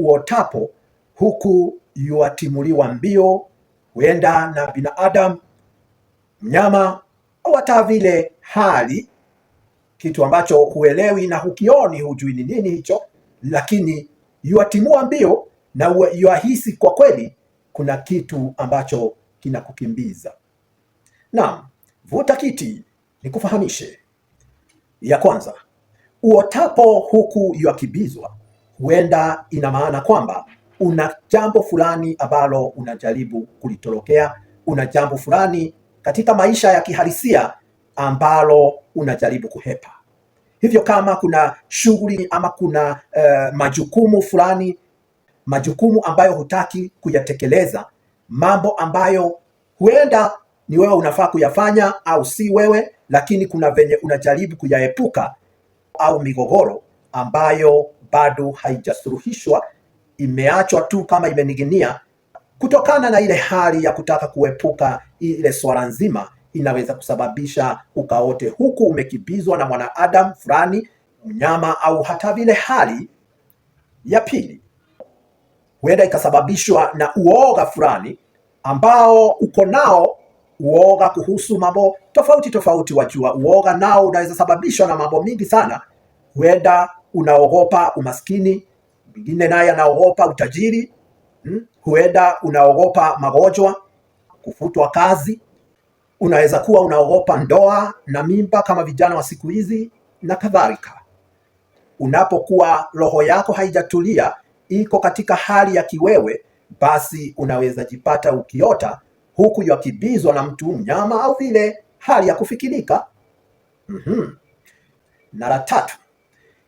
uotapo, huku yuatimuliwa mbio, huenda na binadamu, mnyama au hata vile hali, kitu ambacho huelewi na hukioni, hujui ni nini hicho, lakini yuatimua mbio na yuahisi kwa kweli kuna kitu ambacho kinakukimbiza. Naam, vuta kiti nikufahamishe. Ya kwanza, uotapo huku yuakimbizwa huenda ina maana kwamba una jambo fulani ambalo unajaribu kulitorokea, una jambo fulani katika maisha ya kihalisia ambalo unajaribu kuhepa. Hivyo kama kuna shughuli ama kuna uh, majukumu fulani, majukumu ambayo hutaki kuyatekeleza, mambo ambayo huenda ni wewe unafaa kuyafanya au si wewe, lakini kuna venye unajaribu kuyaepuka, au migogoro ambayo bado haijasuluhishwa, imeachwa tu kama imening'inia, kutokana na ile hali ya kutaka kuepuka ile swala nzima, inaweza kusababisha ukaote huku umekimbizwa na mwanaadamu fulani, mnyama au hata vile. Hali ya pili huenda ikasababishwa na uoga fulani ambao uko nao uoga kuhusu mambo tofauti tofauti. Wajua, uoga nao unaweza sababishwa na mambo mingi sana. Huenda unaogopa umaskini, mwingine naye anaogopa utajiri hmm? Huenda unaogopa magonjwa, kufutwa kazi, unaweza kuwa unaogopa ndoa na mimba kama vijana wa siku hizi na kadhalika. Unapokuwa roho yako haijatulia, iko katika hali ya kiwewe, basi unaweza jipata ukiota huku yakibizwa na mtu mnyama au vile hali ya kufikirika. mm -hmm. Na la tatu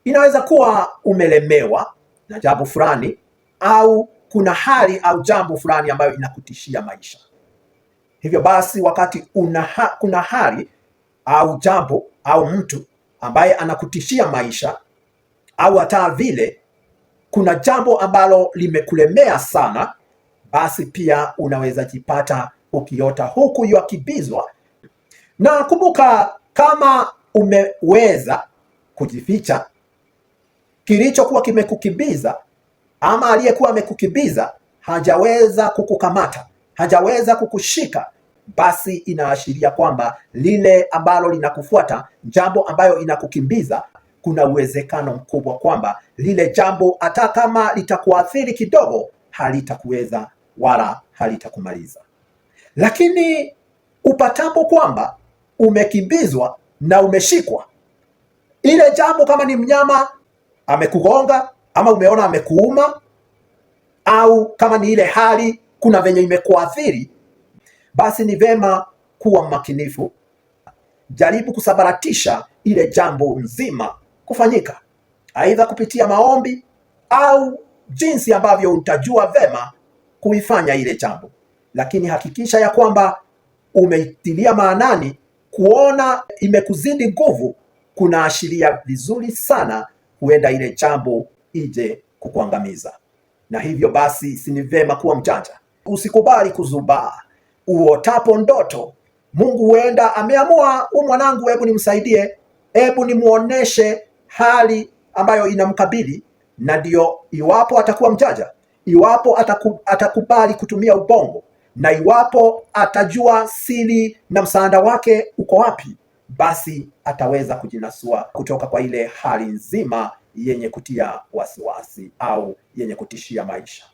Inaweza kuwa umelemewa na jambo fulani au kuna hali au jambo fulani ambayo inakutishia maisha. Hivyo basi, wakati una ha kuna hali au jambo au mtu ambaye anakutishia maisha au hata vile kuna jambo ambalo limekulemea sana, basi pia unaweza jipata ukiota huku yakibizwa. Na kumbuka, kama umeweza kujificha kilichokuwa kimekukimbiza ama aliyekuwa amekukimbiza hajaweza kukukamata, hajaweza kukushika, basi inaashiria kwamba lile ambalo linakufuata, jambo ambayo inakukimbiza, kuna uwezekano mkubwa kwamba lile jambo hata kama litakuathiri kidogo, halitakuweza wala halitakumaliza. Lakini upatapo kwamba umekimbizwa na umeshikwa, ile jambo kama ni mnyama amekugonga ama umeona amekuuma, au kama ni ile hali kuna venye imekuathiri, basi ni vema kuwa mmakinifu. Jaribu kusabaratisha ile jambo nzima kufanyika, aidha kupitia maombi au jinsi ambavyo utajua vema kuifanya ile jambo, lakini hakikisha ya kwamba umeitilia maanani. Kuona imekuzidi nguvu kunaashiria vizuri sana huenda ile chambo ije kukuangamiza. Na hivyo basi, si ni vema kuwa mjanja, usikubali kuzubaa. Uotapo ndoto, Mungu huenda ameamua, u mwanangu, hebu nimsaidie, hebu nimuoneshe hali ambayo inamkabili. Na ndio iwapo atakuwa mjanja, iwapo ataku, atakubali kutumia ubongo na iwapo atajua siri na msaada wake uko wapi, basi ataweza kujinasua kutoka kwa ile hali nzima yenye kutia wasiwasi au yenye kutishia maisha.